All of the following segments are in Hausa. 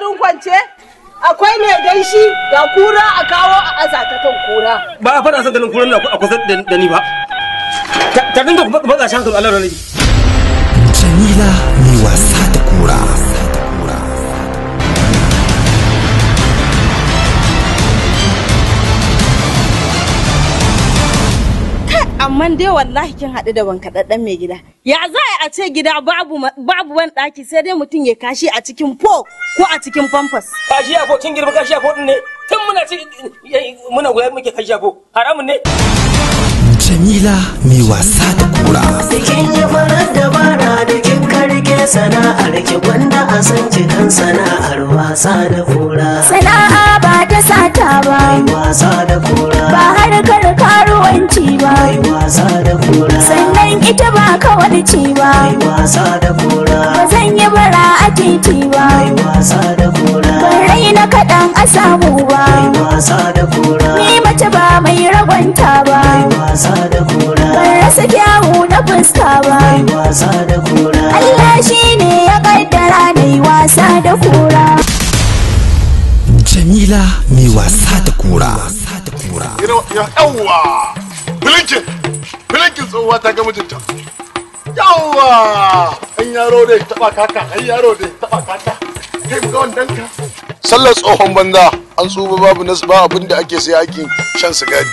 garin kwance akwai mai gaishi ga kura a kawo a aza ta kan kura ba a fara san ganin kura a kusa da ni ba ta dinga ba ga shan kan Allah Jamila mai wasa amma dai wallahi kin haɗu da bankaɗaɗɗen mai gida ya za a ce gida babu babu wani ɗaki sai dai mutum ya kashi a cikin po ko a cikin famfas kashi a po kin girma kashi a po ne tun muna ci eh, muna goyar muke kashi a po haramun ne Jamila mai wasa da kura Sikin yi farar dabara da kin karke sana'ar ki gwanda a san cikin sana'ar wasa da kura Sana'a ba ta sata ba Wasa da kura Ba harkar karuwanci ba wasa da kura ba zan yi bara a titi ba kai wasa da kura ban raina kaɗan a samu ba kai wasa da kura ni mace ba mai ragwanta ba kai wasa da kura ban rasa kyawu na fuska ba kai wasa da kura Allah shi ne ya kaddara na yi wasa da kura Jamila mai wasa da kura. Yawwa! Bilinkin! Bilinkin tsohuwa ta ga mijinta. Yawwa! yaro da taba kaka ai yaro da taba kaka kai ga wannan ka sallar tsohon banza an tsuba babu nasu ba abin da ake sai ake shan sigari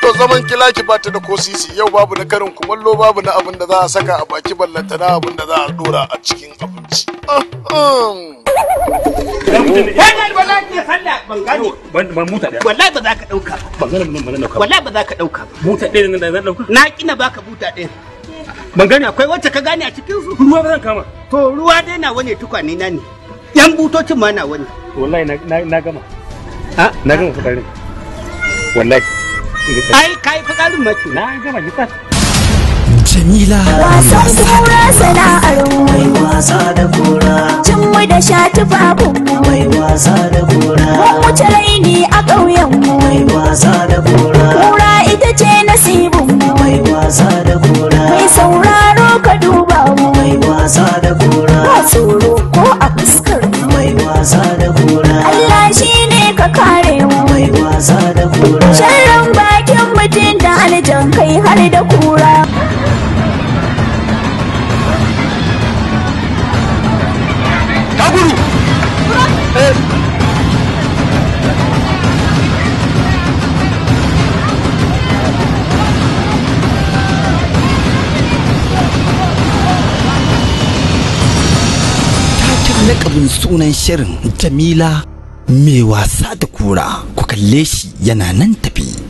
to zaman kilaki ba ta da kosisi yau babu na karin kumallo babu na abin da za a saka a baki ballanta na abin da za a dora a cikin abinci Wannan ba za ka iya ba ban Wallahi ba za ka ɗauka. Ban gane ba za ka ɗauka. Buta ɗaya ne da zan ɗauka. Na kina baka buta ɗaya. ban akwai wacce ka gane a cikin su ruwa zan kama to ruwa dai na wani tukwane na ne yan butocin ma na wani wallahi na gama a na gama fitarin wallahi ai kai fitarin mace na gama gitar Jamila Wasan kura sana'ar mu Mai wasa da kura Cin mu da sha tufafin Mai wasa da kura Mu wuce raini a ƙauyen mu Mai wasa da kura Kura ita ce nasibin Mai wasa da kura wasa da kura Allah shi ne ka kare mu mai wasa da kura sharrin bakin mutum da aljan kai har da kura lakabin sunan shirin jamila mai wasa da kura ku kalle shi yana nan tafi